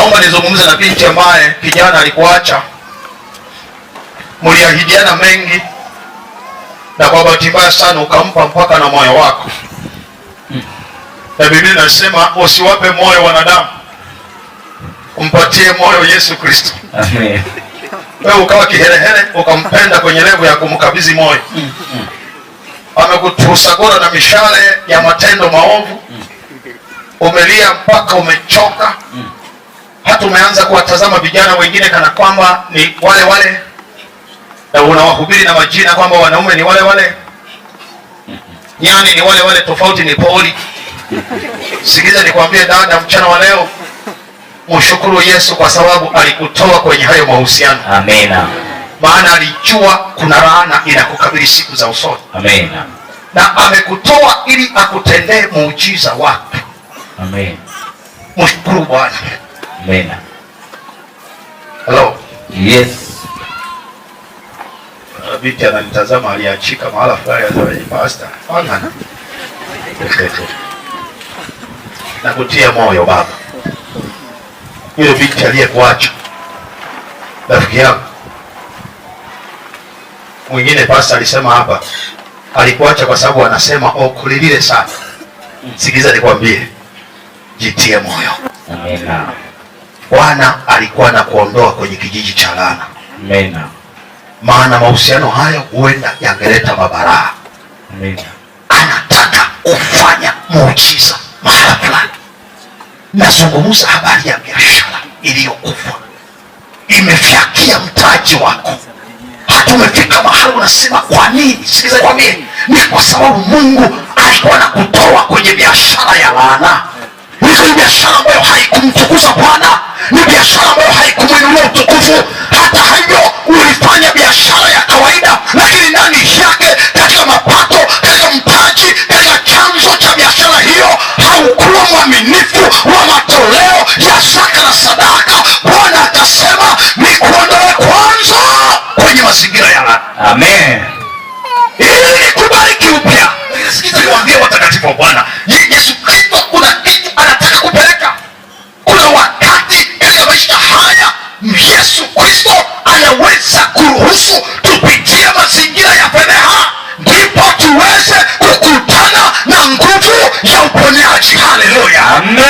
naomba nizungumze na binti ambaye kijana alikuacha. Mliahidiana mengi na kwa bahati mbaya sana ukampa mpaka na moyo wako, na Biblia inasema usiwape moyo wanadamu, umpatie moyo Yesu Kristo. Amen. Wewe ukawa kiherehere ukampenda kwenye levu ya kumkabidhi moyo. Amekusagora na mishale ya matendo maovu, umelia mpaka umechoka tumeanza kuwatazama vijana wengine kana kwamba ni wale wale, na unawahubiri na majina kwamba wanaume ni wale wale, nyani ni wale wale, tofauti ni poli. Sikiza nikwambie dada, mchana wa leo mshukuru Yesu kwa sababu alikutoa kwenye hayo mahusiano. Amina. Maana alijua kuna laana inakukabili siku za usoni. Amina. Na amekutoa ili akutendee muujiza wake. Amina. Mshukuru Bwana mwema. Hello. Yes. Ah, binti ananitazama aliachika mahala fulani azawenye pasta na kutia moyo baba, yule binti aliyekuacha rafiki yako mwingine, pasta alisema hapa alikuacha kwa sababu anasema okulilile oh, sana. Sikiliza nikwambie, jitie moyo. Amina. Bwana alikuwa na kuondoa kwenye kijiji cha laana. Amina. Maana mahusiano hayo huenda yangeleta mabaraa. Amina. Anataka kufanya muujiza mahala fulani. Nazungumza habari ya biashara iliyokufa, imefyakia mtaji wako. hata umefika mahali unasema kwa nini? Sikiza, kwa nini? Ni kwa sababu Mungu alikuwa anakutoa kwenye biashara ya laana, hiyo biashara ambayo haikumtukuza Bwana. uaminifu wa matoleo ya zaka na sadaka. Bwana akasema kuondoe kwanza kwenye mazingira ya Amen, ili kubariki upya. Sikiza watakatifu wa Bwana, Yesu Kristo kuna kitu anataka kupeleka. Kuna wakati katika maisha haya Yesu Kristo anaweza kuruhusu tupitie mazingira ya fedheha, ndipo tuweze kukutana na nguvu ya আমরা